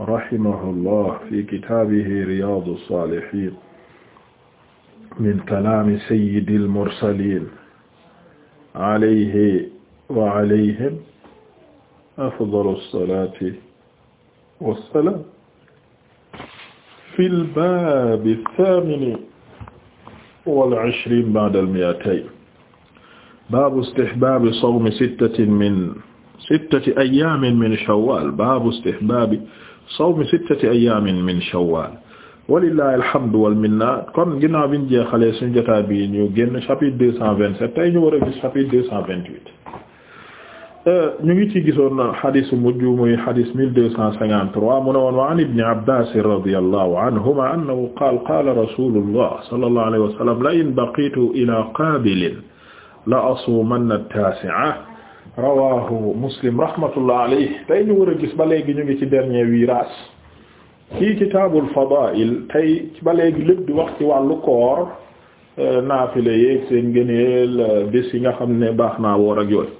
rahimahullah fi kitaabihi riyaadu saalihiin min kalaami sayyidil mursaliin alayhi wa alayhim afdalu salaati wa salaam fil baabi saamini wal ishriin ba'dal mi'atayn baabu istihbaabi sawmi sittatin min sittati ayyaamin min shawwaal baabu istihbaabi sawmi sittati ayaamin min shawwal walillahi alhamdu wal minna kon ginnaaw biñ jeexalee suñu jotaay bi ñu génn chapitre deux cent vingt-sept tey ñu war a gis chapitre deux cent vingt-huit euh, ñu ngi ci gisoon xadisu mujj muy xadis mille deux cent cinquante-trois mu ne woon wa an ibni abbas radiyallahu anhuma annahu qaala qaala rasulullah sallallahu alayhi wa sallam la in baqitu ila qabilin la asuumanna at-taasi'a rawahu muslim rahmatullah alayhi tey ñu war a gis ba léegi ñu ngi ci dernier virage ci kitaabul fadaa'il tey ba léegi lépp di wax ci wàllu koor euh, naafile yeeg seen gëneel euh, bés yi nga xam ne baax naa woor ak yooyu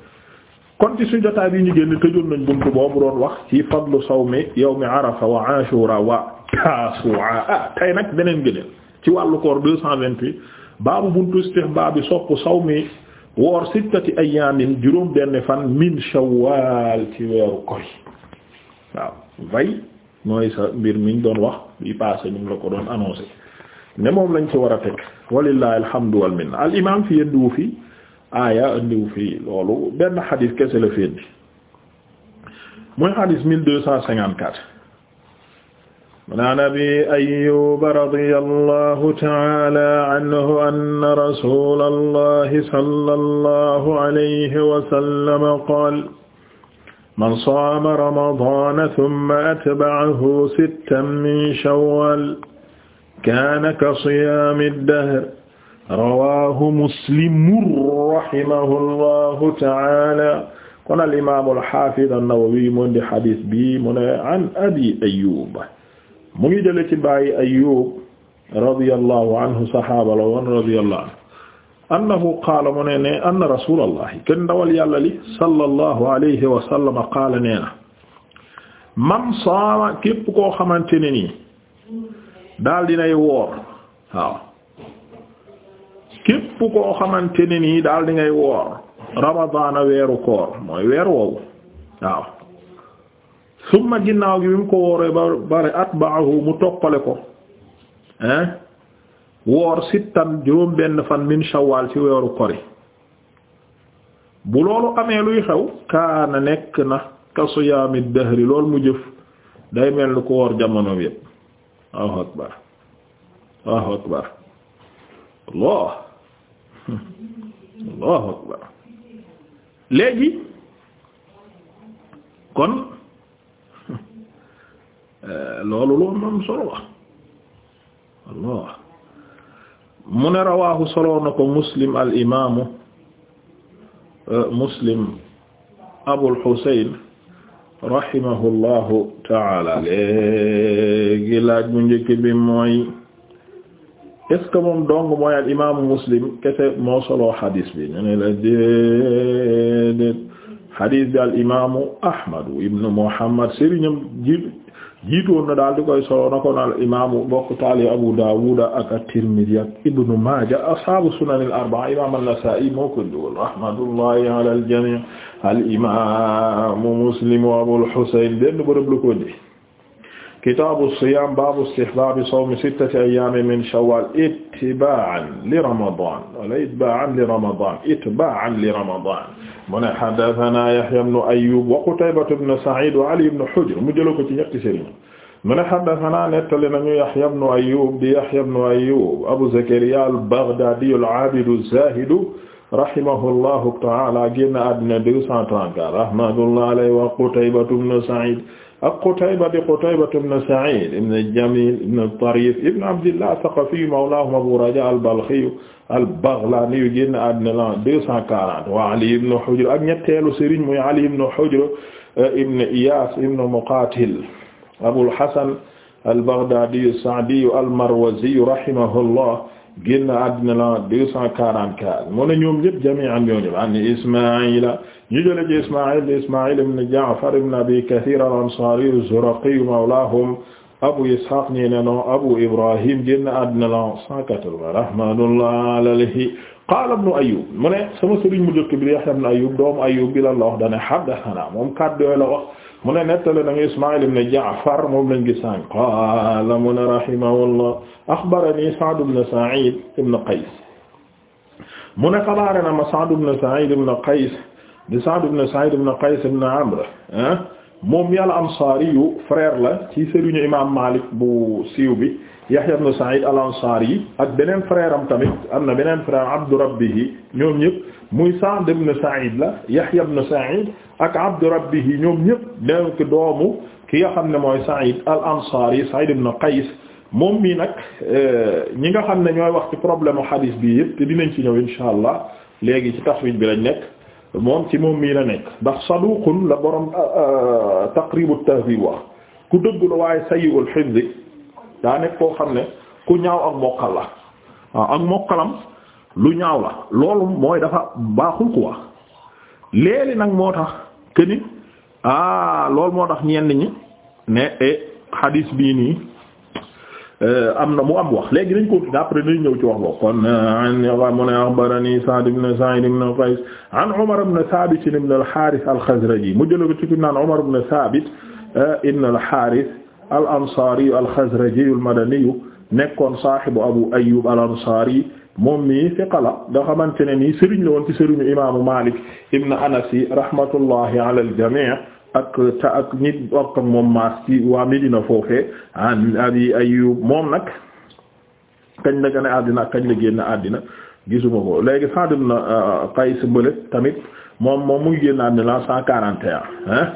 kon ci suñu jotaay bi ñu génn tëjoon nañ buntu boobu doon wax ci fadlu sawmi yawmi arafa wa ashura wa taasu'a ah, tey nag beneen gëneel ci wàllu koor 228 baabu buntu istihbaabi soppu mi woor sittati ayaamin juróom benn fan min shawwal ci weeru koy waaw vay mooy sa mbir miñ doon wax bi passé ñu la ko doon annoncé ne moom lañ ci war a teg walillahi alhamdu wal minna al imam fi yënduwu fi aaya indiwu fi loolu benn xadis kese la fi indi mooy xadis 1254 an abi ayyuba radiyallahu ta'ala anhu anna rasulallahi sallallahu alayhi wa sallam qaala man saama ramadaana thumma atba'ahu sittan min shawwal kaana ka siyaami dahr rawaahu muslimun rahimahullahu ta'ala kon al imaam al haafiz an-Nawawi mu di hadiis bi mu ne an abi ayyuba mu ngi jële ci bàyyi Ayyub radiyallahu anhu saxaaba la woon radiyallahu anhu annahu qaala mu ne ne anna kenn ndawal yàlla li sallallahu alayhi wa sallam qaala nee na man saama képp koo xamante ne nii daal dinay woor waaw képp nii daal di ngay woor koor mooy weer woowu summa ginnaaw gi bi mu ko wooree ba bare atba'ahu mu toppale ko ah woor sittan juróom benn fan min shawwal ci weeru kori bu loolu amee luy xew kaana nekk na ka siyaami dahri mu jëf day mel ni ko woor jamono bi yépp léegi kon Eh, loolu loolu moom solo Allah mu ne ko muslim al imaamu eh, muslim Abul Husayn rahimahullahu taala léegi laaj mu njëkk bi mooy est-ce moom dong mooy al imaamu muslim kese moo solo xadis bi ñu ne la déedéet al imaamu Ahmad ibn Muhammad sëriñam ji. jiitoon na daal di koy solo na ko na al imaamu bokk taali Abu Daawud ak at-Tirmidhi ak Ibnu Maaja ashaabu sunan al-arba'a imaam an-Nasaa'i moo ko dugal rahmatullahi ala al-jamii' al imaamu Muslim wa Abul Husayn benn bërëb la ko di kitaabu siyaam baabu istihbaabi sawmi sittati ayyaamin min shawwaal ittibaa'an li ramadaan wala ittibaa'an li ramadaan ittibaa'an li ramadaan mu ne haddathanaa Yahyaa ibnu Ayyuub wa Qutaybatu ibnu Sa'iid wa Ali ibnu Hujr mu jëloon ko ci ñetti sëriñ mu ne haddathanaa nettali nañu Yahyaa ibnu Ayyuub di Yahyaa ibnu Ayyuub Abuu Zakariyaa al-Baghdaadiyyu al-'aabidu az-zaahidu rahimahullahu ta'aalaa génn àddina 234 rahmatullahi alayhi wa Qutaybatu ibnu Sa'iid ak Qutayba di Qutayba ibn Sa'id ibn Jamil ibn Tarif ibn Abdillah Thaqafi mawlahum Abu Raja al-Balkhi al-Baghlani génn àddina la 240 wa Ali ibn Hujr ak ñetteelu sëriñ muy Ali ibn Hujr ibn Iyas ibn Muqatil Abul Hasan al-Baghdadi as-Sa'di al-Marwazi rahimahullah génn àddina la 244 mu ne ñoom ñëpp jami'an ñooñu an Ismaïla ñu jële ci Ismaïl di Ismaïl ibn Ja'far ibn Abi Kathir al Abu Ishaq ñi ne no Abu Ibrahim génn àddina la 180 rahmatullah alayhi qaala mu ne sama sëriñ mu jëkk bi di Yahya ibn Ayyub doomu Ayyub bi la wax dane haddathana moom kàddu yooyu la wax mu ne nettale na nga Ismaïl ibn Ja'far moom lañ gis sànq qaala mu ne rahimahullah akhbarani Sa'd ibn Sa'id ibn Qays mu ne xabaare na ma Sa'd ibn Sa'id ibn Qays di Sa'd ibn Sa'id ibn Qays ibn Amr moom yàlla ansaari yu frère la ci sëriñu imam Malik bu siiw bi Yahya ibn Sa'id al-Ansari yi ak beneen frère am tamit am na beneen frère Abdu Rabbihi ñoom ñëpp muy Sa'd ibn Sa'id la Yahya ibn Sa'id ak Abdu Rabbihi ñoom ñëpp nekk doomu ki nga xam ne mooy Sa'id al-Ansari Sa'id ibn Qays moom mii nag eh, ñi nga xam ne ñooy wax ci problème u hadis bi yëpp te dinañ ci ñëw insha allah léegi ci taxrij bi lañ nekk moom ci moom mii la nekk ndax saduqun la borom euh, euh, taqribu tahzib wax ku dëgg la waaye sayyi'ul hifz daa nekk koo xam ne ku ñaaw ak mokkal la waaw ah, ak mokkalam lu ñaaw la loolu mooy dafa baaxul quoi léegi nag moo tax que ah loolu moo tax ñenn ñi ne eh hadis bii nii. Euh, am na mu am wax léegi dañ ko après dañ ñëw ci wax boobu kon euh, mu ne akhbarani Sa'd ibn Sa'id ibn Qays an Umar ibn Thabit ibn al-Harith al-Khazraji mu jël ko ci naan Umar ibn Thabit euh, ibn al-Harith al-Ansari al-Khazraji al-Madani nekkoon saahibu Abu Ayyub al-Ansari moom mii fiqa la nga xamante ne nii sëriñ la woon ci sëriñu imaamu Malik ibn Anas rahmatullahi ala al-jami' ak ta ak nit ak moom maas ci waa Medina foofee an Abi Ayyub moom nag kañ la gën a àddina kañ la génn àddina gisuma ko léegi Sa'd ibn euh, euh, Qays bële tamit moom moom muy génn àddina la cent quarante et hein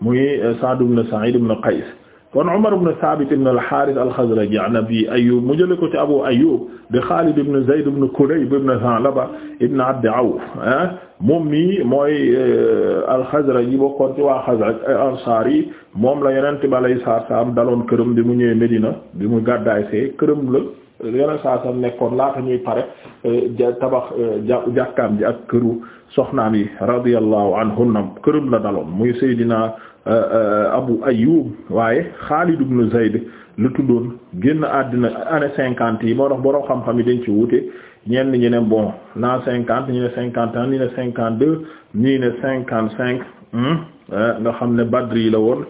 muy euh, Sa'd ibn Sa'id ibn Qays kon Umar ibn Saabit ibn al-Haaris al-Xazraji an Abi Ayyuub mu jëlee ko ci Abu Ayyuub di Xaalid ibn Zayd ibn Kulayb ibn Sa'laba ibn Abd Awf ah, moom mii mooy eh, al-Xazraji bokkoon ci waa Xazraj eh, Ansaari moom la Yonent bi alayhi salaatu wa salaam daloon këram bi mu ñëwee Medina bi mu gàddaay see këram la Yonent saa saam nekkoon laata ñuy pare eh, ja tabax ja jàkkaam ji ak këru soxnaam yi radiyallahu anhunna këram la daloon muy Seydina. Euh, euh, Abu Ayyub waaye Xaalid ibn Zayd lu tuddoon génn àddina année cinquante yi moo tax borom xam-xam yi dañ ci wuute ñenn ñi ne bon naa cinquante ñi ne cinquante un ñi ne cinquante deux ñi cinquante cinq hmm? euh, nga xam ne Badri yi la woon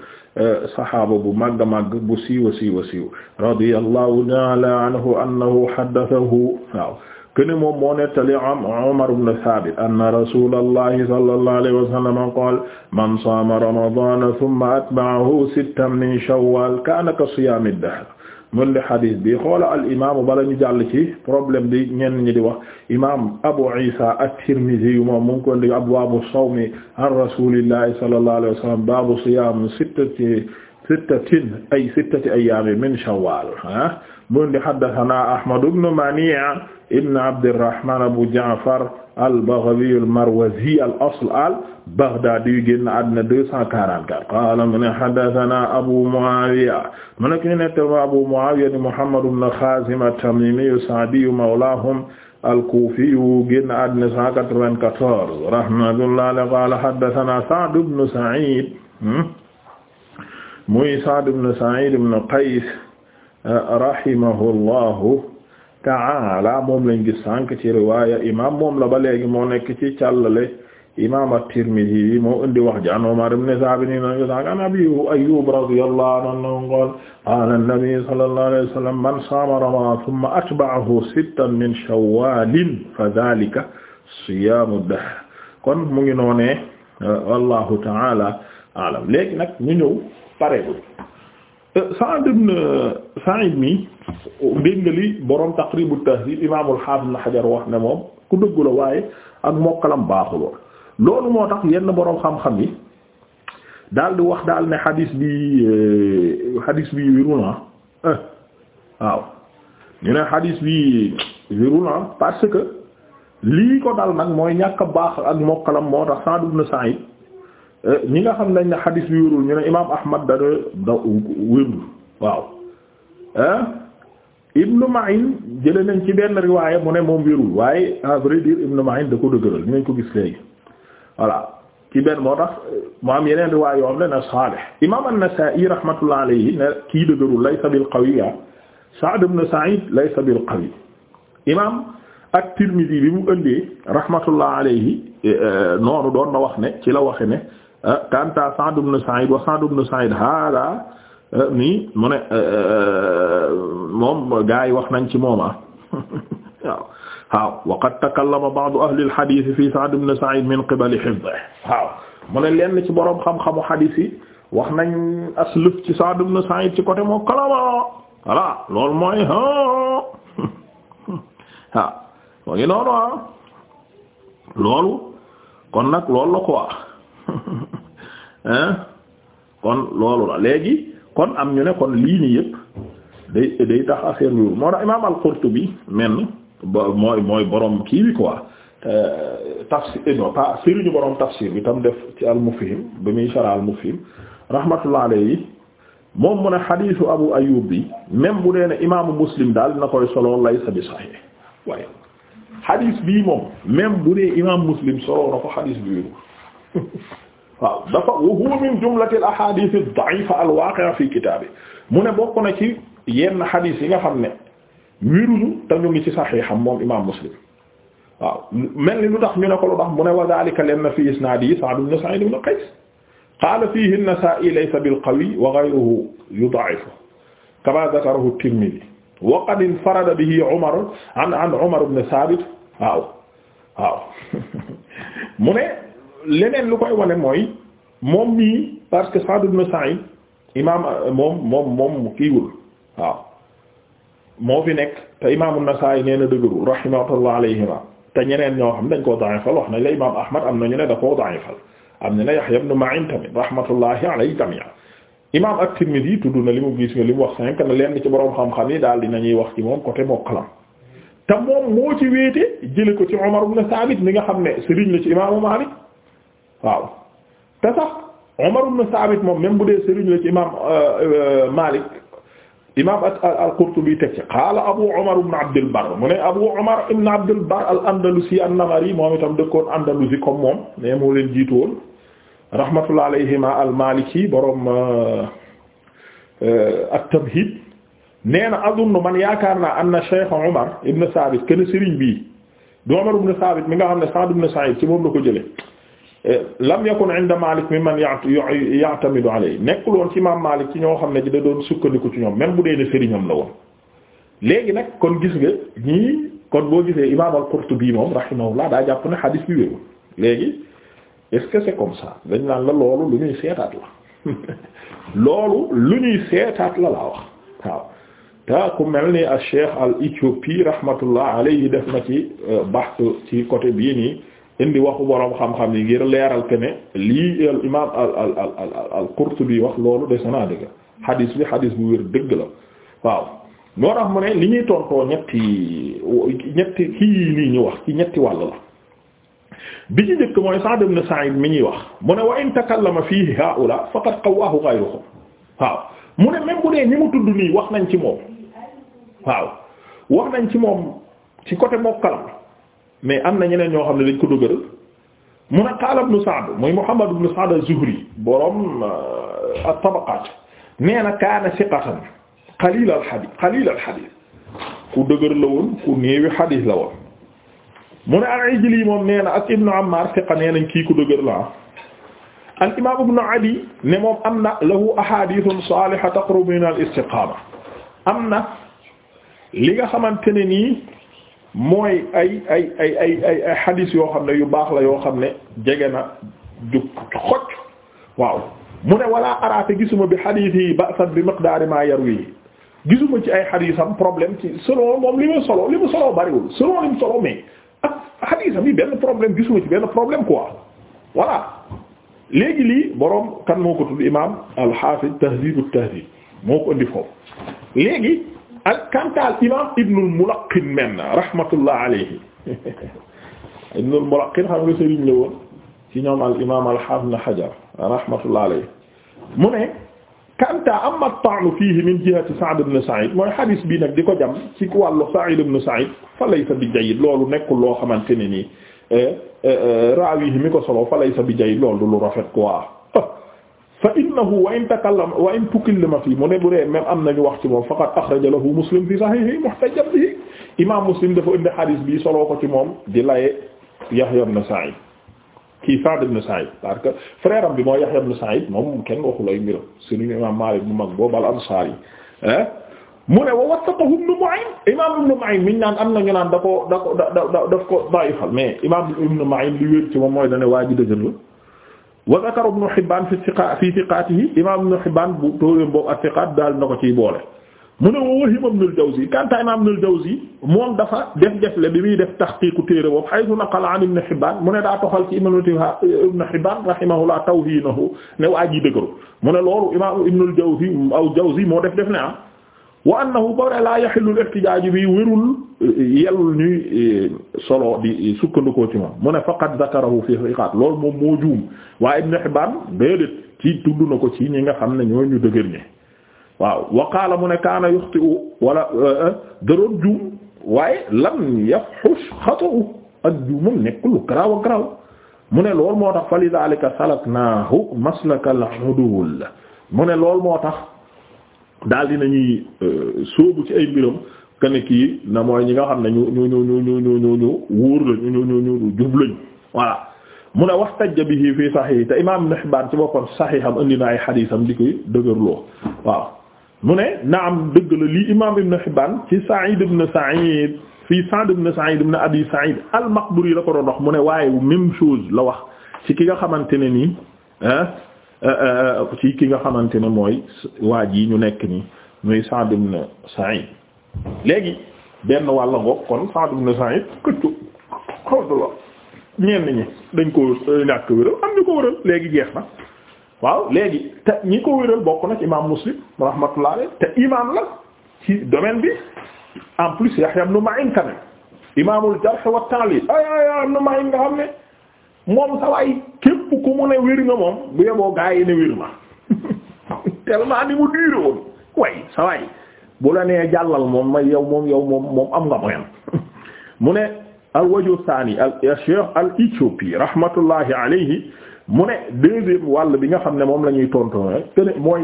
saxaaba bu màgg màgg bu siiwa siiwa siiw radiyallahu ta'ala anhu annahu haddathahu waaw kene moom moo nettali am Umar ibn Thabit anna rasulallahi sallallahu alayhi wa sallam qaala man saama ramadana thumma atba'ahu sittan min shawwal kaana ka siyaami dahr mun di xadis bi xoola al imaamu bala ñu jàll ci problème bi ñenn ñi di wax imaam Abu Isa at-Tirmidhi yu moom mu ngi ko di abwaabu sawmi an rasulillahi sallallahu alayhi wa sallam baabu siyaam sittati sittatin ay sittati ayyaami min shawwal ah mu di haddathana Ahmad ibn Mani' ibn Abdirrahman Abu Ja'far al-Baghawi al-Marwazi al-asl al-Baghdadi génn àddina 244 qaala mu ne haddathana Abu Mu'awiya mu ne ki nekk Abu Mu'awiya Muhammad ibn Khazim at-Tamimi as-Sa'di mawlahum al-Kufi génn àddina 194 rahimahullah qaala haddathana Sa'd ibn Sa'id hmm? muy Sa'd ibn Sa'id ibn Qays rahimahullahu ta'ala moom lañ gis sànq ci riwaaya imam moom la ba léegi moo nekk ci càllale imam at-Tirmidhi moo indi wax ji an Umar ibn Sa'd ni nañ ko sànq an Abi Ayyub radiyallahu anhu qaala qaala an-nabi sallallahu alayhi wa sallam man saama Ramadan thumma atba'ahu sittan min Shawwal fa dhalika siyaamu dahr kon mu ngi noonee wallahu ta'ala a'lam léegi nag ñu ñëw pareegul euh, Sa'd ibn Sa'id mi ndéngali borom Taqrib at-Tahdhib imaam al Hajar wax ne moom ku dëggu la waaye ak mokkalam baaxuloo loolu moo tax yenn boroom xam-xam yi daal di wax daal ne hadis bi hadis euh, bi wérul na ah. euh, waaw ñu ne hadis bi wérul na ah parce que lii ko dal nag mooy ñàkk baax ak mokkalam moo tax Sa'd ibn Sa'id ñi nga xam nañ ne xadis bi wérul ñu ne imaam Ahmad dana da wérul waaw Ibn Ma'in jële nañ ci benn riwaaya mu ne moom wérul waaye à vrai dire Ibn Ma'in da ko dëgëral ñu nañ ko gis léegi voilà ci benn moo tax mu am yeneen riwaaya yoo la ne na saalih imaam An-Nasaa'i rahmatullah ne kii dëgërul laysa bil qawi ah. Sa'd ibn Sa'id laysa bil qawi imaam ak Tirmidhi bi mu ëndee rahmatullah alayhi eh, eh, noonu doon na wax ne ci la waxe ne Ah, kanta Sa'd ibn Sa'id wa Sa'd ibn Sa'id hada ah, mi mu ne ah, moom gaa yi wax nañ ci mooma waaw waaw wa qad takallama ba'du ahli al-hadith fi Sa'd ibn Sa'id min qibali hifdhihi waaw mu ne lenn ci boroom xam-xamu wax nañ asluf ci Sa'd ibn Sa'id ci côté moo kalama voilà loolu mooy ah ah moo ngi noonu ah loolu kon nag loolu la kon loolu la léegi kon am ñu ne kon lii nii yëpp day day tax affaire bi moo tax imaam al-Qurtubi men ba mooy mooy borom kii bi quoi tafsir eh, non pas sëriñu boroom tafsir bi tam def ci al-Mufhim ba muy sara al-Mufhim rahmatullah yi moom mu ne xadiisu Abu Ayyub bi même bu dee ne imaamu Muslim daal na koy solo laysa bi sahih waaye xadiis bii moom même bu dee imaamu Muslim solo na ko xadiis bi wéru waaw dafa wa huwa min jumlati al ahadith ad da'ifa al waqi'a fi kitaabi mu ne bokk na ci yenn xadiis yi nga xam ne wéruñu te ñu ngi ci saxiixam moom imaam muslim waaw mel ni lu tax ñu ne ko lu tax mu ne wa dhalika len fi isnaadi Sa'd ibn Sa'id ibn Qays qaala fiihi an-Nasaa'i laysa bil qawi wa ghayruhu yud'ifu kama dhakarahu at-Tirmidhi wa qad infarada bihi Umar an an Umar ibn Thabit waaw waaw mu ne leneen lu koy wane mooy moom mii parce que Sa'd ibn Sa'id imaam moom moom mu kiiwul waaw moo fi nekk te imaam an-Nasaa'i nee na dëgërul rahimahullah alayhima te ñeneen ñoo xam dañ koo da'ifal wax nañ la imaam Ahmad am na ñu ne da koo da'ifal am na ne Yahya ibn Ma'in tamit rahmatullahi alayhi jami'a imaam at-Tirmidhi tudd na li mu gis nga li mu wax cinq na leen ci boroom xam-xam yi daal dinañuy wax ci moom côté mokkalam te moom moo ci wéete jële ko ci Umar ibn Saabit mi nga xam ne sëriñ la ci imaamu Maalik waaw te sax Umar ibn Saabit moom même bu dee sëriñ la ci imaam euh, euh, Maalik imaam al-Qurtubi teg ci qaala Abu Umar ibn Abdul Barr mu ne Abu Umar ibn Abdul Barr al-Andalusi an-Namari moom itam dëkkoon Andalusi comme moom ne moo leen jiitu woon rahmatullah alayhima al-Maliki borom euh, at-Tamhid nee na adunnu man yaakaar naa anna Cheikh Umar ibn Saabit kenn sëriñ bii du Umar ibn Saabit mi nga xam ne Sa'd ibn Sa'id ci moom la ko jëlee. lam yakun inda Malik mimman ya'tamidu alayhi nekkul woon ci imam Malik ci ñoo xam ne da doon sukkandiku ci ñoom même bu dee ne sëriñam la woon léegi nag kon gis nga ñii kon boo gisee imam al-Qurtubi moom rahimahullah daa jàpp ne hadith bi wérul léegi est-ce que c'est comme ça dañ naan la loolu lu ñuy seetaat la loolu lu ñuy seetaat la laa wax waaw te ku mel ni al Cheikh al Éthiopie rahmatullah alayhi def na ci euh, baxtu ci côté bii nii indi waxu borom xam-xam yi ngir leeral ke ne lii al imam al al al al Qurtubi wax loolu de na dëgg xadis bi xadis bu wér dëgg la waaw moo tax mu ne li ñuy tontoo ñetti ñetti kii nii ñu wax ci ñetti wàll la bi ci njëkk mooy Sa'd ibn Sa'id mi ñuy wax mu ne wa in takallama fiihi haa'ulaa faqad qawwaahu ghayruhum waaw mu ne même dee ñi mu tudd nii wax nañ ci moom waaw wax nañ ci moom ci côté mokkalam mais am na ñeneen ñoo xam ne dañ ko dëgëral mun a qaala ibn Sa'd muy Muhammad ibn Sa'd az-Zuhri borom euh, at-Tabaqaat nee na kaana siqatan qalil al-hadith qalil al-hadith ku dëgër la woon ku néewi hadith la woon mu ne al-Ijli moom nee na ak Ibn Ammar siqa nee nañ kii ku dëgër la al imaam ibn Adi ne moom am na lahu ahadithun salihah taqrubu min al-istiqama am na li nga xamante ne nii mooy ay ay ay ay ay yoo xam ne yu baax la yoo xam ne jege na jug xoj waaw mu ne walaa araate gisuma bi xadiis yi ba'san bi miqdaari ma yarwi yi gisuma ci ay xadiisam problème ci selon moom li mu solo li mu solo bariwul selon li mu solo mais ak xadiisam yi benn problème gisuma ci benn problème ko voilà léegi lii boroom kan moo ko tudd imaam al-Hafiz Tahdhib at-Tahdhib moo ko foofu léegi ak kantaal imam ibnul mulaqin men rahmatullah alayhi ibnul mulaqin xam nga sëriñ la woon ci ñoom al imam al hafiz ibn hajar rahmatullah alayhi mu ne kanta amma at-ta'nu fihi min jihati sa'd ibn sa'id mooy hadis bi nag di ko jam ci wàllu sa'id ibn sa'id fa laysa bi jayyid loolu nekkul loo xamante ne nii eh, eh, eh, raawihi mi ko solo fa laysa bi jayyid loolu du lu rafet quoi fa innahu wa in takallama wa in tukallama fii mu ne bu dee même am nañu wax ci moom faqad axraja lahu muslim fi sahihi muhtajjab bihi imaam muslim dafa indi xadis bi soloo ko ci moom di laye Yahya ibn Sa'id kii Sa'd ibn Sa'id parce que bi mooy Yahya ibn Sa'id moom kenn waxulay mbiram suñu imaam Maalik bu mag boobu al-Ansaari mu ne wa wathaqahu Ibn Ma'in imaam Ibn Ma'in mi naan am na ñu naan da ko da ko da da daf ko dayifal mais imaam Ibn Ma'in waa ji wa zakara ibnu Hibbaan fi siqa fi siqaatihi imaam ibnu Hibbaan bu tóoréem boobu ak siqaat daal na ko ciy boole mu ne wa wahima ibnul Jawzi kanta imaam ibnul Jawzi moom dafa def defle bi muy def taxqiiqu téere boobu haythu naqala an ibnu Hibbaan mu ne daa toxal ci imaam ibnu Hibbaan rahimahullah tawhiinahu ne waa ji dëgëru mu ne loolu imaam ibnul Jawzi aw Jawzi moo def def ne ah wa annahu bawre laa yaxilul ihtijaaj bi wérul yellul ñuy e, solo di e, sukkandikoo ci moom mu ne faqad zakarahu fi riqaat loolu moom moo juum waaye ibn Hibbaan déedéet ci tudd na ko ci ñi nga xam ne ñoo ñu dëgër ñi waaw wa qaala mu ne kaana yuxti'u wala e, daroon juum waaye lam yafxush xata'u ak juumam nekkul lu garaaw ak garaaw mu ne loolu moo tax fa lidaalika salaknaahu maslakal udul mu ne loolu moo tax daal dina ñuy euh, sóobu ci ay mbiram kene kii na mooy ñi nga xam ne ñu ñu ñu ñu ñu ñu ñu ñu wóor la ñu ñu ñu ñu jub lañu voilà mu ne wax tajja bihi fii saxiix te imaam Ibn Hibbaan ci boppam saxiixam indi na ay xadiisam di koy dëgërloo waaw mu ne am dëgg la lii imaam Ibn Hibbaan ci Sa'iid ibn Sa'iid fii Sa'd ibn Sa'iid ibn Abi Sa'iid al-Maqburi la ko doon mu ne waaye même chose la wax ci ki nga xamante ne nii ah. Euh, euh, ci ki nga xamante ne mooy waa ji ñu nekk ni muy Sa'd ibn Sa'id léegi benn wàll ngoog kon Sa'd ibn Sa'id këccu xawdula ñenn ñi dañ ko ñàkk wéral am ñu ko wéral léegi geex na waaw léegi te ñi ko wéral bokk na ci imam Muslim rahmatullah alayhi te imam la ci domaine bi en plus Yahya ibn Ma'in quand même imamul jarh wa ta'dil ay ay nga xam ne moom sa waay képp ku mu ne wér nga moom bu yeboo gaa yi ne wér ma tellement ni mu diire way sa bu la nee jàllal moom may yow moom yow moom moom am nga moyen mu ne al waju saani al cheikh al éthiopie rahmatullahi alayhi mu ne deuxième wàll bi nga xam ne moom la ñuy tontonee te ne mooy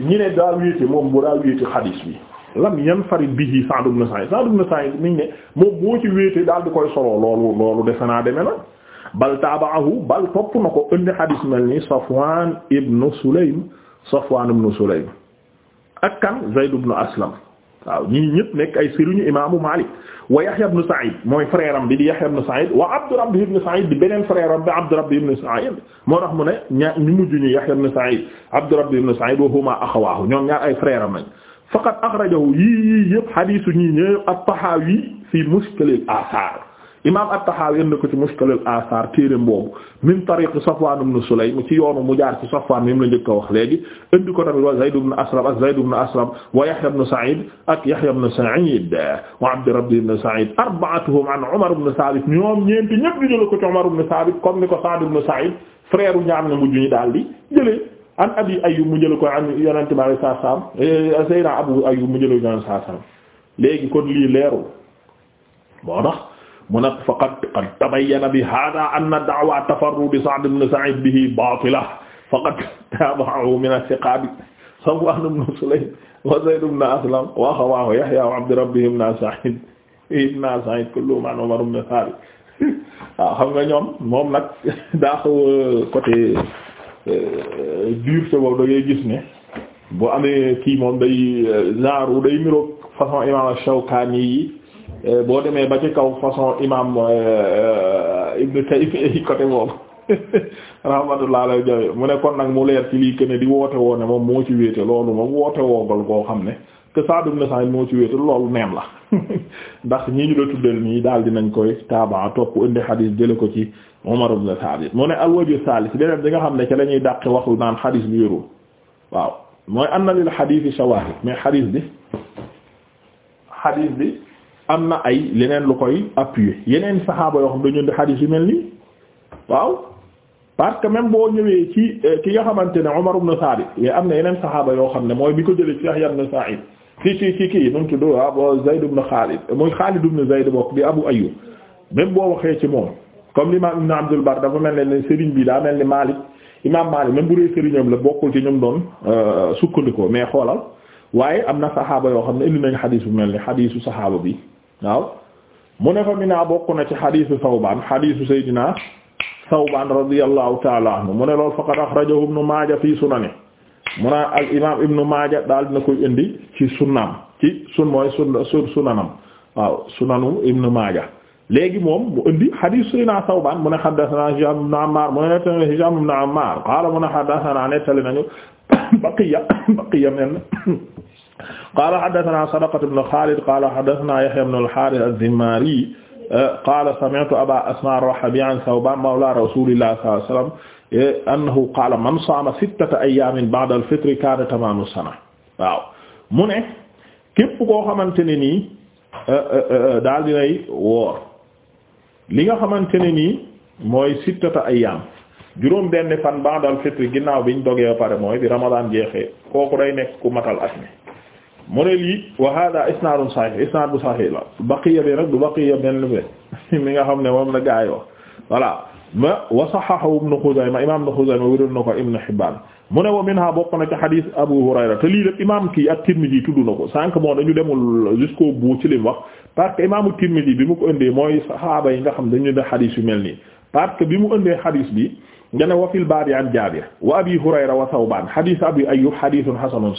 ñi ne daa wéete moom bu daa wéete xadiis bi lam yanfarid bihi Sa'd ibn Sa'id Sa'd ibn Sa'id mi ngi ne moom moo ci wéete daal di koy solo loolu loolu defe naa deme na bal taabaahu bal topp na ko indi xadis ni Safwan ibn Sulaym Safwan ibn Sulaym ak kan ibn Aslam waaw ñii nekk ay sëriñu imaamu Malik wa Yahya ibn Sa'id mooy frère am bi Yahya ibn Sa'id wa Abd ibn Sa'id di beneen frère am bi Abd Rabbih ibn Sa'id moo mu ne ña ñu mujj ñu Yahya ibn Sa'id Abd Rabbih ibn Sa'id wa huma axawaahu ñoom ñaar ay frère am lañ faqad axrajahu yii yii yëpp xadiisu ñii ñëw tahawi fi mushkil al-athar imaam at-Tahawi yënd ko ci mushkalul athar téereem boobu min tariq Safwan ibn Sulaym ci yoonu mu jaar ci Safwan mi mu la njëkk a wax léegi indi ko tamit wa Zayd ibn Aslam ak Zayd ibn Aslam wa Yahya ibn Sa'id ak Yahya ibn Sa'id wa Abd Rabbi ibn Sa'id arba'atuhum an Umar ibn Thabit ñoom ñeenti ñëpp ñu jël ko ci Umar ibn Thabit comme ni ko Sa'd ibn Sa'id frère u ñaar na mujj ñu daal di jëlee an Abi Ayyub mu jël ko an Yonent bi sallallahu alayhi wasallam Sayyidina Abu Ayyub mu jël ko Yonent sallallahu alayhi wasallam léegi kon lii leerul moo tax mu ne faqad qad tabayyana bi hada anna da'wa tafarrud Sa'd bihi batila faqad tabahu min as-siqabi Safwan ibn Sulaym wa Zayd ibn Aslam wa Yahya wa Abd Rabbih ibn Sa'id ibn Sa'id kulluhum an Umar ibn Thabit waaw xam nga ñoom moom nag daa xaw côté euh, dureté boobu da ngay gis euh, imam Shawkani yi Eh, boo demee ba ci kaw façon imam eh, eh, Ibn Taymiyya côté boobu rahmatullah alayhi jawe mu ne kon nag mu leer ci lii que ne di woote woo ne moom moo ci wéete loolu moom woote woogal koo xam ne que Saad ibn Sa'id moo ci wéete loolu neen la ndax ñii ñu la tuddal nii daal dinañ koy taaba topp indi xadis jële ko ci Umar ibn Thabit mu ne alwaju salis beneen bi nga xam ne ci la ñuy dàqe waxul naan xadis bi wérul waaw mooy anna lil xadisi mais xadis bi am na ay leneen lu koy appuyer yeneen saxaaba yoo xam ne dañu di xadiis yu mel nii waaw parce que même boo ñëwee ci euh, ki nga xamante ne Umar ibn Saabit yooyu am na yeneen saxaaba yoo xam ne mooy bi ko jëlee ci Yahya ibn Sa'id ci ci ci kii nu mu tudd waaw ah, Zayd ibn Xaalid muy Xaalid ibn Zayd bokk di Abu Ayyub même boo waxee ci moom comme l'imam Ibn Abdul Bar dafa mel ne Serigne bi daa mel ni Maalik imam Maalik même bu dee Serigne la bokkul ci ñoom doon euh, sukkandikoo mais xoolal waaye am na saxaaba yoo xam ne indi nañ xadiis bu mel ni xadiisu saxaaba bi. waaw mu ne fa mi naa bokk na ci xadiisu Sawbaan xadiisu Seydina Sawbaan radiyallahu taala anhu mu ne loolu faqad axrajahu Ibnu Maaja fii sunani mu ne al imaam Ibnu Maaja daal dina koy indi ci sunnaam ci sun mooy sun sunanam waaw sunanu Ibnu Maaja léegi moom mu indi xadiisu Seydina Sawbaan mu ne xaddasanaa Hishaam ibnu Ammaar mu ne nettali Hishaam ibnu Ammaar qaala mu ne xaddasanaa nettali nañu Baqiya Baqiya men qaala haddathana sadaqatu ibn xaalid qaala haddathana yahya ibn al-haarith az-zimmaari qaala sami'tu aba asmaa ar-rahabi an thawbaan mawla rasuulillahi sallallahu alayhi wa sallam eh, annahu qaala man saama sittata ayyaamin ba'da al-fitri kaana tamaamu sana waaw mu ne képp koo xamante ne nii eh, eh, daal dinay woor li nga xamante ne nii mooy sittata ayyaam juróom benn fan ba'da al-fitri ginnaaw biñ dogee ba pare mooy bi Ramadan jeexee kooku day nekk ku matal at mi mu ne lii wa hada isnaadun sahih isnaad bu sahih la baqiya bi nag du baqiya benn bi nga xam ne moom na gaa wax voilà ma wa sahahahu ibn Khuzaymah imam ibn Khuzaymah wéral na ko ibn Hibban mu ne wa minha bokk na ci hadith Abu Hurayra te lii lépp imam kii ak Tirmidhi tudd na ko sànq moo dañu demul jusqu'au bout ci lim wax parce que imaamu Tirmidhi bi mu ko indee mooy sahaaba yi nga xam dañu def hadith yu mel nii parce bi mu indee hadith bi nga ne wa fil baabi an Jaabir wa Abi Hurayra wa Thawbaan hadith Abi Ayyub hadithun hasanun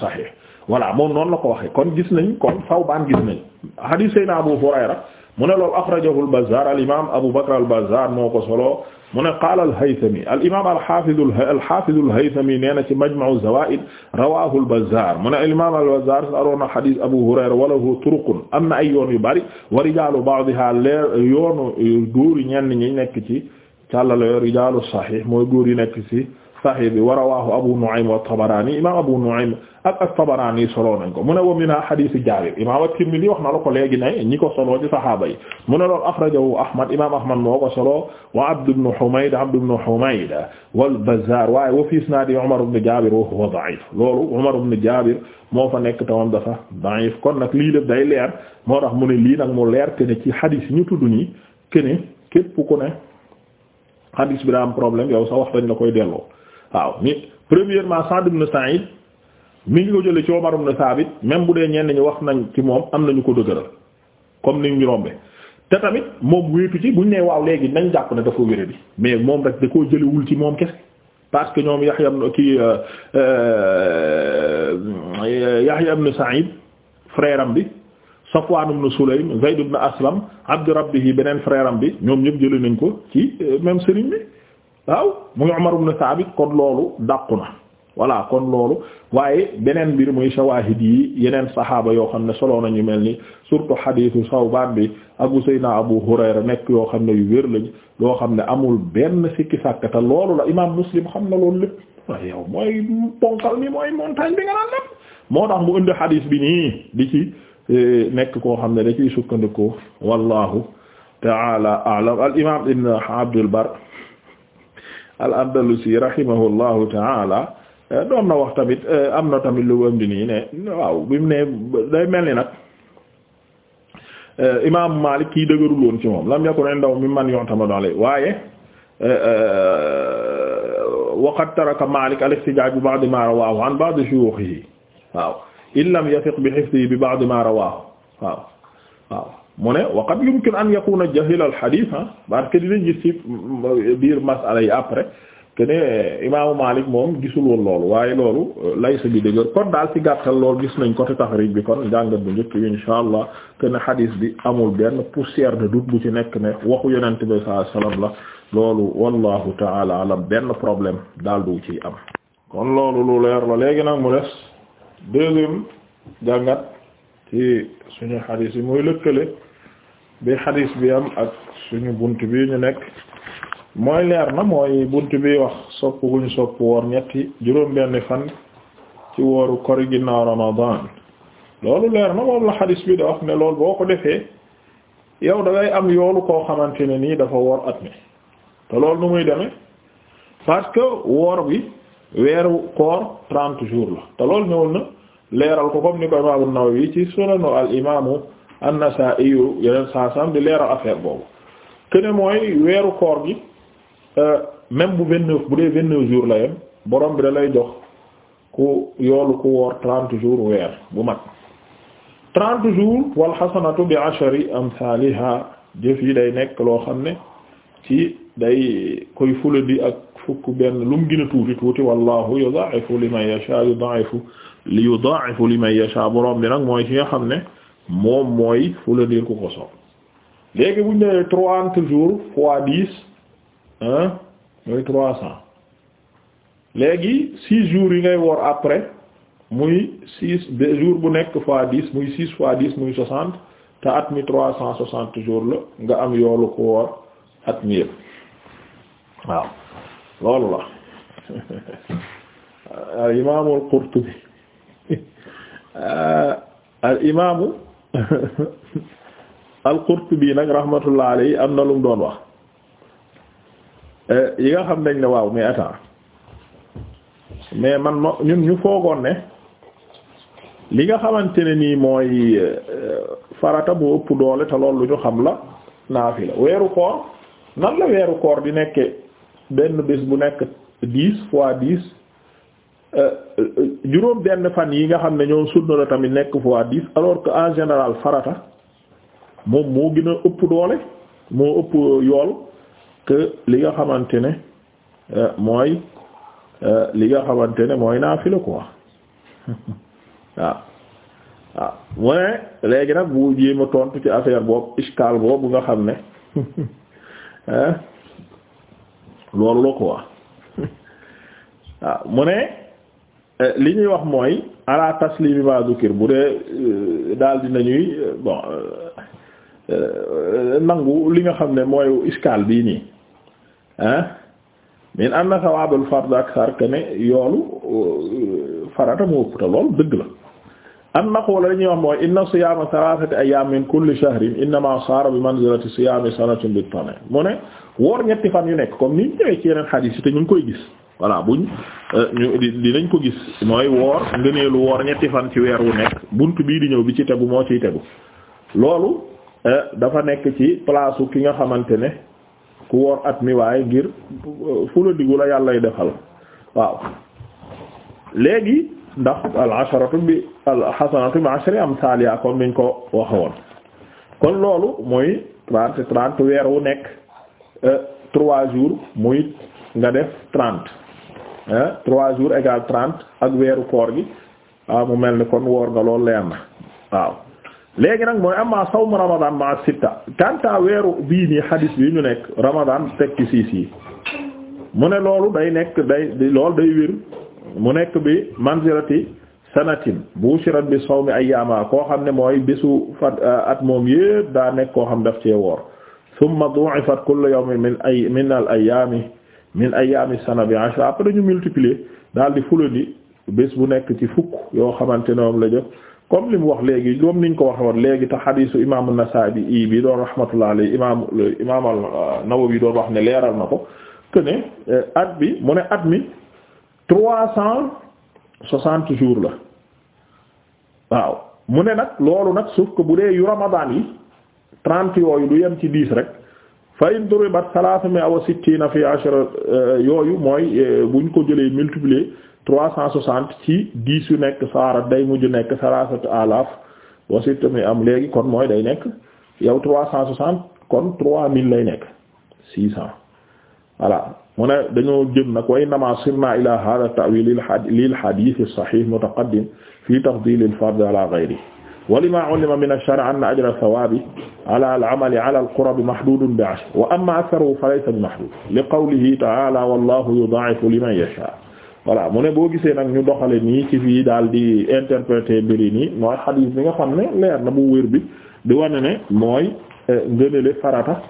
voilà moom noonu la ko waxee kon gis nañ kon Sawbaan gis nañ hadith sayna Abu Hurayra mu ne loolu akhrajahu al-Bazzaar al-imaam Abu Bakr al-Bazzaar moo ko solo mu ne qaala al-Haythami al-imaam al-haafiz al-haafiz al-Haythami nee na ci Majma'u az-Zawaa'id rawaahu al-Bazzaar mu ne al-imaam al-Bazzaar saroon na hadiis Abu Hurayra wa lahu turuqun am na ay yoon yu bari wa rijaalu ba'dihaa leer yoonu góor yi ñenn ñi nekk ci càllala rijaalu saxiix mooy góor yi nekk ci. sahih bi wa rawahu abu solo nañ ko mu ne wa mina hadith jaabir imam at-tirmidhi wax na la ko léegi ne ñi ko solo ci sahaaba yi mu ne lool akhrajahu ahmad imam ahmad moo ko solo wa abd ibn humayd abd ibn humayd wal bazzar waaye wa fi isnadi umar ibn jabir wa fa nekk tamam dafa da'if kon nag day leer moo tax mu ne lii nag mu leer te ne ci hadith yi ñu tudd nii kene képp ku ne hadith bi daa am problème yow sa wax la koy delloo waaw ni premièrement Sa'd ibn Sa'id mi ngi ko jële ci Umar ibn Sabit même bu dee ñenn ñi wax nañ ci moom am nañu ko dëgëral comme ni ñu rombe te tamit moom wéetu ci buñ ne waaw léegi nañ jàpp ne dafa wéré bi mais moom rek da koo jëlewul ci moom kese parce que ñoom Yahya ki euh, euh, Yahya ibn Sa'id frère am bi Safwan ibn Sulaym Zayd ibn Aslam Abdu Rabbih beneen frère am bi ñoom ñëpp jële nañ ko ci euh, même sëriñ bi waaw muy Umar ibn Saabit kon loolu dàqu na voilà kon loolu waaye beneen mbir muy shawaahid yi yeneen saxaaba yoo xam ne solo nañu mel ni surtout xadiisu Sawbaan bi abu sayna abu Hurayra nekk yoo xam ne yu wér lañ loo xam ne amul benn sikki sàkk loolu la imaam Muslim xam na loolu lépp yow mooy moo tax mu indi xadiis bi nii di ci e, nekk koo xam ne da ciy sukkandiku wallahu taala alam al imaam Abdul Bar al-Andalusi rahimahullahu ta'ala eh, doon na wax tamit eh, am na tamit lu wëm di nii ne waaw bi mu ne day mel ni nag eh, imaamu Maalik kii dëgërul woon ci moom lam yakun indahu mimman yu'tamadu alayhi waaye waqad taraka Maalik al-ihtijaaj bi ba'di maa rawaahu an ba'di shuyuukhihi waaw in lam yafiq bi hifzihi bi ba'di maa rawaahu waaw waaw mu ne wa qad yumkin an yakuna jahila al hadith ah, parce que dinañ gis ci biir masala yi après que imaamu Malik moom gisul woon loolu waaye loolu euh, laysa bi dëgër kon daal ci gàttal lool gis nañ côté taxrij bi kon jàngat bi njëkk yi insha allah que hadith bi amul benn poussière de bu ci nekk ne waxu yonent bi sallallahu alayhi la loolu wallahu taala alam benn problème daal du ci am kon loolu lu leer la léegi nag mu des deuxième jàngat ci suñu xadis yi muy lëkkale bi xadis bi am ak suñu bunt bi ñu nekk mooy leer na mooy bunt bi wax sopp guñ sopp woor ñetti juróom benn fan ci wooru kori ginnaaw ramadan loolu leer na moom la xadis bi da wax ne loolu boo ko defee yow da am yoolu koo xamante ne nii dafa woor at mi te loolu nu muy demee parce que woor bi weeru koor trente jours la te loolu ñëw na leeral ko comme ni ko imaamu Nawawi ci sunanu al imaamu an-Nasa'i yeneen saa sam di leeral affaire boobu kene mooy weeru koor gi euh, même bu vingt neuf bu dee vingt neuf jours la yem borom bi da lay jox ku yoolu ku woor trente jours weer bu mag trente jours wal xasanatu bi ashari amsaaliha jëf yi day nekk loo xam ne ci day koy fulandi ak fukk benn lu mu gën a tuuti tuuti wallahu yudaa'ifu liman yashaa yudaa'ifu li yudaa'ifu liman yashaa borom bi nag mooy ci nga xam ne moom mooy fu la niir ku ko soxla léegi bu ñu nee trente jours six jours yi ngay woor après muy six deux jours bu nekk fois dix muy six fois dix muy soixante te at mi trois cent soixante jours la nga am yoolu ko woor at mi waaw loolu la al imaamu al Qurtubi nag rahmatullah alayhi am na lu doon wax eh, yi nga xam nañ ne waaw mais attends mais man ma ñun ñu foogoon ne li nga xamante ne nii mooy eh, farata bu ëpp doole te loolu ñu xam la naafila weeru koor nan la weeru koor di nekke benn bés bu nekk dix fois dix euh, euh, juróom benn fan yi nga xam ne ñoom sunna la tamit nekk fois dix alors que en général farata moom moo gën a ëpp doole moo ëpp yool que li nga xamante ne euh, mooy li nga xamante ne mooy naafila quoi waaw waaw mu ne léegi nag bu jéem tontu ci affaire boobu iskaal boobu nga xam ne loolu la ko wax waaw mu ne euh, li ñuy wax mooy ala taslimi ma zukir bu dee euh, daal dinañuy euh, bon nangu li nga xam ne mooy iskaal bii nii ah na anna sawabul fard akthar que ne yoolu farata mu ëpp te lool dëgg la an naqula la ñuy wax mooy inna siyaama thalathati ayyam min kulli shahrin innama saara bi manzilati siyaami sanatin bi tane mu ne woor ñetti fan yu nekk comme ni ñu ñëwee ci yeneen xadiis yi te ñu ngi koy gis voilà bu euh, ñu dinañ ko gis mooy woor ngëneelu woor ñetti fan ci weer wu nekk bunt bii di ñëw bi ci tegu moo ciy tegu loolu euh, dafa nekk ci place ki nga xamante ne ku woor at mi waaye ngir euh, fu la diggu la yàllay defal waaw léegi ndax al asharatu bi al hasanatu bi ashri amsaaliha ko niñ ko waxe woon kon loolu mooy trente trente weer wu nekk euh, trois jours muy nga def trente ah trois jours égal trente ak weeru koor gi waaw mu mel ni kon woor nga lool leer na waaw léegi nag mooy amma sawm ramadan ma sitta kanta weeru bii nii hadis bi ñu nekk ramadan tekki siis yi mu ne loolu day nekk day loolu day wér mu nekk bi manzilati sanatin bushirat bi sawmi ayyaama koo xam ne mooy bésu fat euh, at moom yépp daa nekk koo xam daf cee woor thumma du'ifat kullu yawmin min ay min al ayyaami min ayyaami sana bi ashra après ñu multiplier daal di fulandi bés bu nekk ci fukk yoo xamante ne moom la jëf comme li mu wax léegi loom niñ ko waxe woon léegi te xadiisu imaamu Nasaa'i bi bi doon rahmatullah alayhi imaam imaam an-Nawawi doon wax ne leeral na ko que ne euh, at bi mu ne at mi trois cent soixante jours la waaw mu ne nag loolu nag sauf que bu dee yu ramadaan yi trente yooyu du yem ci dix rek fa in duribat salaatu mi awa sittina fi ashra euh, yooyu mooy euh, buñ ko jëlee multiplier trois cent soixante ci dix yu nekk saara day mujj nekk salaasatu alaaf wa sitta mi am léegi kon mooy day nekk yow trois cent soixante kon trois mille lay nekk six voilà mu ne dañoo jëm nag way nama sirna ila hada ta'wil lil hadith as-sahih mutaqaddim fi tafdil al-fard ala ghayrihi wa lima ulima min ash-shar' anna ajra thawabi ala al-amali ala al-qurab mahdudun bi ashr wa amma aktharuhu fa laysa bi mahdud li qawlihi ta'ala wallahu yudha'ifu liman yasha voilà mu ne boo gisee nag ñu doxale nii ci fii daal di interpréter mbiri nii mooy hadith bi nga xam ne leer na bu wér bi di wane ne mooy eh, ngënale farata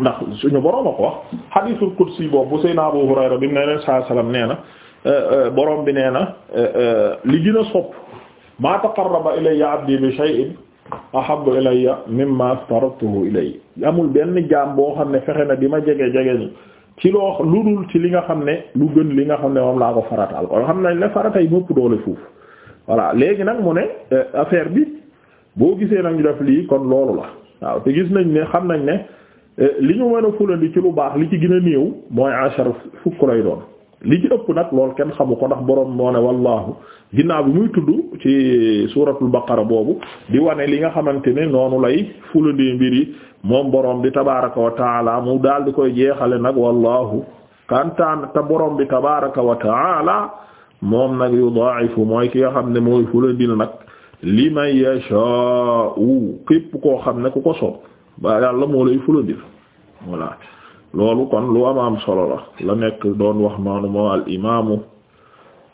ndax suñu borom a ko wax hadithul qudsi boobu bu Abu Hurayra bi mu ne leen saa salaam nee na eh, eh, borom bi nee na eh, li gën a sopp maa taqarraba ilayya abdi bi shay'in ahabbu ilayya mimma aftaratuhu ilayhi amul benn jaam boo xam ne fexe na di ma jege jege ni ci loo lu dul ci li nga xam ne lu gën li nga xam ne moom laa ko farataal xam nañ ne faratay mopp doole foofu voilà léegi nag mu ne affaire bi boo gisee nag def lii kon loolu la waaw te gis nañ ne xam nañ ne. li ñu wane a fulandi ci lu baax li ci gën a néew mooy ashar fukk lay doon li ci ëpp nag lool kenn xamu ko ndax boroom moo ne wallaahu ginnaaw bi muy tudd ci suuratul baqara boobu di wane li nga xamante ne noonu lay fulandi mbir yi moom boroom bi tabaaraka wa mu daal di koy jeexale nag wallaahu kantaan te boroom bi tabaaraka wa moom nag yudaa'ifu mooy ki nga xam ne mooy fulandil nag li may yashaa'u képp koo xam ne ku ko soob ba yàlla moo lay fulandir voilà loolu kon lu am am solo la la nekk doon wax noonu moo al imaamu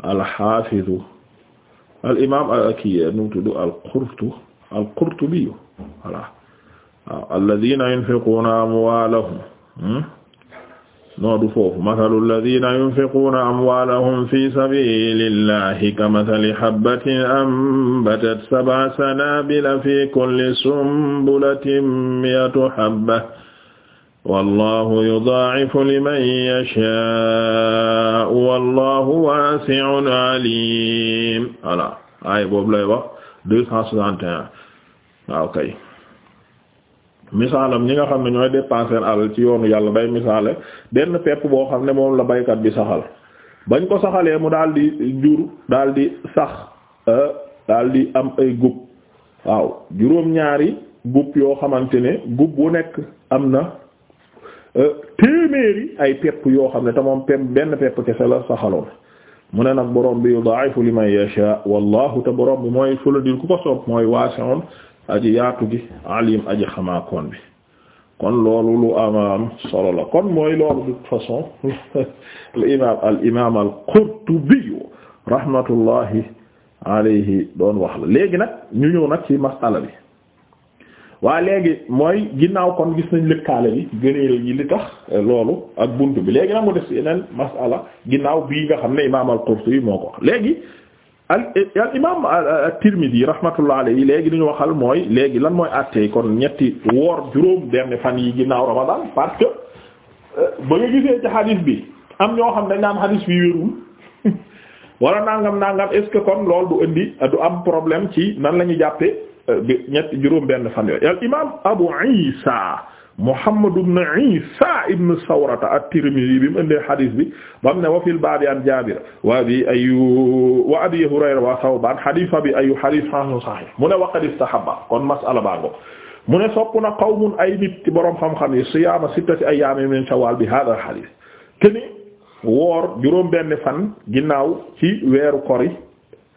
al xaafizu al imaam al kii nu tudd al qurtu al qurtubi voilà waaw alladina yunfiquna amwaalahum hmm? noo du foofu mathalu alladhina yunfiquna amwalahum fi sabilillahi kamathali habbatin anbatat sab'a sanabila fi kulli sumbulatin mi'atu habba wallahu yudaa'ifu liman yashaa'u wallahu waasi'un alim voilà ay boobu lay wax deux cent soixante et un waaw kay misaalam ñi nga xam ne ñooy dépenser alal ci yoonu yàlla day misaale benn pepp boo xam ne moom la baykat bi saxal bañ ko saxalee mu daal di jur daal di sax euh, daal di am ay gub waaw juróom-ñaari gub yoo xamante ne gub bu nekk am na euh, téeméeri ay pepp yoo xam ne te benn pepp kese la saxaloon mu ne nag borom bi yudaa'ifu liman yasha wallahu te borom bi mooy fulandil ku ko soob mooy waasi'un aji yaatu gi alim aji xamaa koon bi kon loolu lu amaam solo la kon mooy loolu de toute façon al imam al imam doon wax la léegi nag ñu ñëw nag ci masala bi waa léegi mooy ginnaaw kon gis nañ lëkkaale bi gëneel yi li tax loolu ak bunt bi léegi nag mu def ci yeneen masala ginnaaw bii nga xam ne imam al moo ko léegi al al imaam at-Tirmidhi rahmatullah alayhi léegi li ñu waxal mooy léegi lan mooy àttee kon ñetti woor juróom benn fan yi ginnaaw Ramadan parce que euh, ba ñu gisee ci hadith bi am ñoo xam dañ naan hadith bi wérul wala nangam nangam est-ce kon loolu du indi du am problème ci nan la ñuy jàppee euh, ñetti juróom benn fan yooyu al imaam Abu Isa Muhammad ibn Isa ibn Sawrata at-Tirmidhi bi mu indee xadis bi bam ne wa fil baabi an Jaabir wa abi ayu wa abi Hurayra wa Sawbaan xadis abi ayu xadis hasan sahih mu ne waqad istahabba kon mas'ala baago mu ne sopp na qawmun ay nit ci boroom xam-xam yi siyaama sittati ayyaamin min Shawwaal bi haadha al-xadis keni woor juróom-benn fan ginnaaw ci weeru kori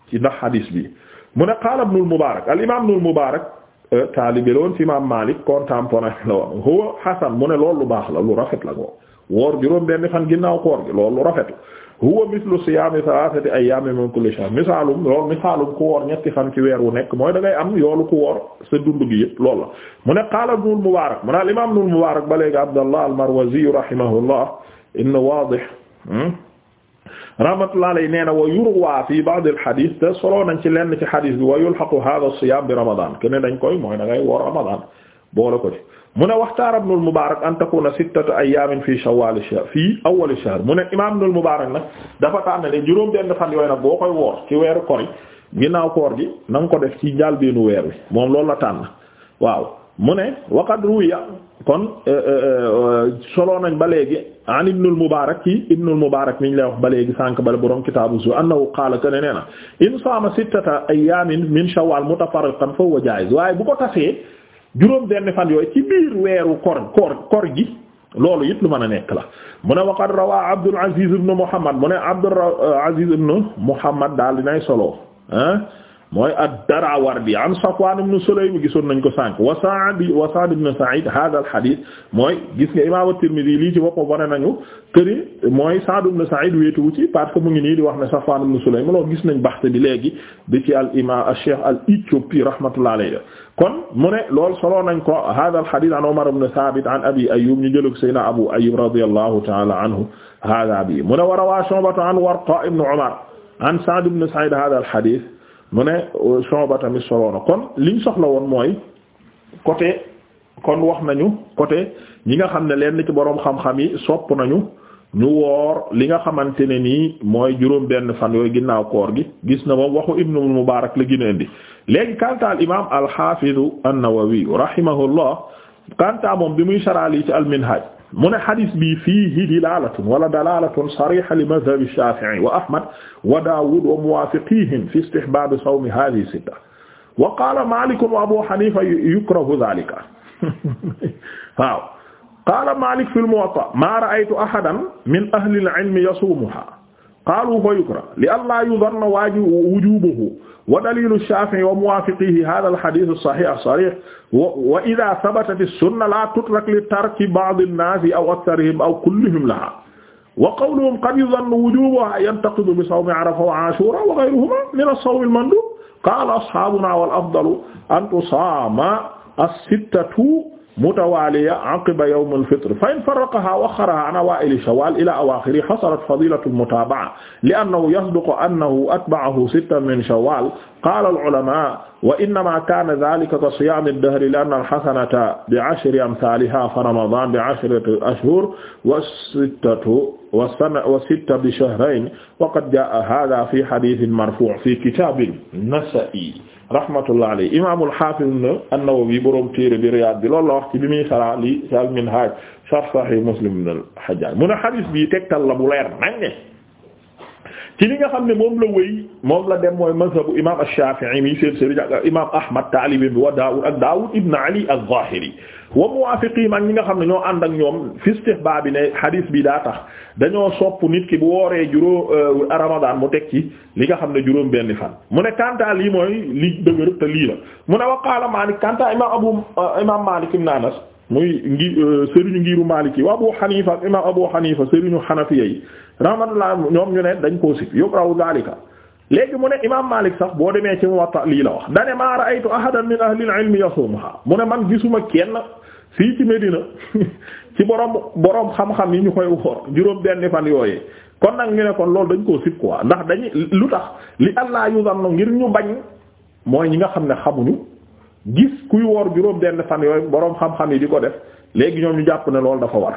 ci ndax xadis bi mu ne qaala Ibnul Mubaarak al-imaam Ibnul Mubaarak Euh, taalibe la woon ci Imaam Maalik contemporain la woon huwa hasan mu ne loolu lu baax la lu rafet la ko woor juróom benn fan ko koor gi loolu lu rafet la huwa mislu siyaami salaasati ayyaamin min kulli shahr misaalum loolu misaalum ku woor ñetti fan ci weer wu nekk mooy da am yoolu ku woor sa dund gi yëpp loolu la mu ne qaala Ibnul Mubaarak mu ne al imaam Ibnul Mubaarak ba léegi Abdallah al-Marwazi rahimahullah inna waadih hmm? rahmatullahi alayhi nee na wa yurwa fi ba'd al hadith te soloo nañ ci lenn ci hadith bi wa yulhaqu hadha as-siyam bi ramadan kene dañ koy mooy da ngay woor ramadan boole ko ci mu ne waxtaar ibn al mubarak an takuna sittatu ayamin fi shawwal shahr fii awwal shahr mu ne imam ibn al mubarak nag dafa tànn ne juróom benn fan yooyu nag boo koy woor ci weeru kori ginnaaw koor gi na nga ko def ci njàlbeenu weer wi moom loolu la tànn waaw mu ne waqad ruwiya kon euh, euh, euh, solo nañ ba léegi an ibnul Mubaarak ci ibnul Mubaarak mi ñu lay wax ba léegi sànq bale borom kitaabu zu annahu qaala kaana nee na in saama sittata ayyaamin min shawwal mutafarriqan fa huwa jaa'iz waaye bu ko tasee juróom benn fan yooyu ci biir weeru koor kor koor gi loolu it lu mën a nekk la mu ne waqad rawaa Abdul Aziz ibn Muhammad mu ne Abdul Aziz ibn Muhammad daal dinay solo ah mooy ad-Darawardi an Safwan ibn Sulaym gisoon nañ ko sànq wa Sa'd wa Sa'd ibn Sa'id hadha mooy gis nga imam at-Tirmidhi lii ci boppam wane nañu këri mooy Sa'd ibn Sa'id wéetuwu ci mu ngi nii di wax na Safwan ibn Sulaym loolu gis nañ baxte bi léegi bi ci al imam al-Cheikh al kon mu lool loolu nañ ko hadha al-hadith an Umar ibn Thabit an Abi Ayyub ñu jëlug Sayyidina Abu Ayyub radiyallahu ta'ala anhu hadha bi mu ne wa rawa Shu'ba an Warqa ibn Umar an Sa'd ibn Sa'id hadha al-hadith mu ne euh, Shu'ba tamit soloo na kon liñ soxla woon mooy côté kon wax nañu côté ñi nga xam ne lenn ci boroom xam-xam yi sopp nañu ñu woor li nga xamante ne nii mooy juróom benn fan yooyu ginnaaw koor gi gis na moom waxu Ibnu Mubaarak la gën a léegi léegi kantaal imaam al-Haafidu an-Nawawi rahimahullah kantaa moom bi muy saral yi ci al-Minhaaj mu ne xadis bi fiihi dilaalatun wala dalaalatun sariixa li madhabi Shaafi'i wa Ahmad wa Daawuud wa muwaafiqiihim fi istihbaabi sawmi haadihi sitta wa qaala Maalik wa Abuu Haniifa yukrahu dhaalika waaw qaala Maalik fil Muwatta maa ra'aytu ahadan min ahli al-'ilmi yasuumuhaa qaalu fa yukra li allaa yudanna waaju wujubuhu wa dalilu Shaafi'i wa muwaafiqihi haadha al-hadiith as-sahiih as-sariih wa idhaa thabatat as-sunna laa tutrak li tarki ba'd an-naas aw aktharihim aw kullihim lahaa wa qawluhum qad yudannu wujubuhaa yantaqidu bi sawmi Arafa wa Aashuuraa wa ghayrihimaa min as-sawmi al-manduub qaala ashaabunaa wal afdalu an tusaama as-sittatu mutawaaliya aqiba yawm al-fitr fa in farraqaha wa akhkharaha an awaa'ili shawwal ila awaakhirihi hasalat fadilatu al-mutaaba'a li'annahu yasduqu annahu atba'ahu sittan min shawwal qaala al-'ulamaa wa innamaa kaana dhaalika ka siyaami ad-dahri li'anna al-hasanata bi'ashri amthaalihaa fa ramadaan bi'ashrati ashhur wa sittatu wa sana wa sitta bi shahrayn wa qad jaa'a haadhaa fi hadiithin marfuu' fi kitaab an-nasaa'i rahmatullah alayhi imaamul hafiz an-Nawawi borom téere bi Riyaad bi loolu la wax ci bi muy sara li al Minhaaj sharh Sahih Muslim ibn al-Hajjaj mu ne hadith bi tegtal la bu leer nañ ne ci li nga xam ne moom la wéy moom la dem mooy mazhabu imam ash-Shafi'i mi seen sëriñ ak imam Ahmad taalibin bi wa Daawud ak Daawud ibn Ali az-Zahiri wa muwaafiqiim ak ñi nga xam ne ñoo ànd ak ñoom fi istihbaab bi ne hadith bi daa tax dañoo sopp nit ki bu wooree juróom euh, Ramadan mu teg ci li nga xam ne juróom benn fan mu ne Kantaa lii mooy li dëgër te lii la mu ne wa qaala Maalik Kantaa imam Abu euh, imam Maalik ibn Anas muy ngi euh, sëriñu ngiru Maliki wa Abu Hanifa ak imam Abu Hanifa sëriñu Hanafiya yi laa ñoom ñu ne dañ koo sib yób raw zalika léegi mu ne imam Malik sax boo demee ci Muwatta lii la wax dane ma ra'aytu ahadan min ahli al-ilmi yasumaha mu ne man gisuma kenn fii ci Medina ci borom borom xam-xam yi ñu koy woor juróom benn fan yooyee kon nag ñu ne kon loolu dañ koo sib quoi ndax dañu lu tax li Allah yuzanno ngir ñu bañ mooy ñi nga xam ne xamuñu gis kuy woor juróom benn fan yooyu boroom xam-xam yi di ko def léegi ñoom ñu jàpp ne loolu dafa war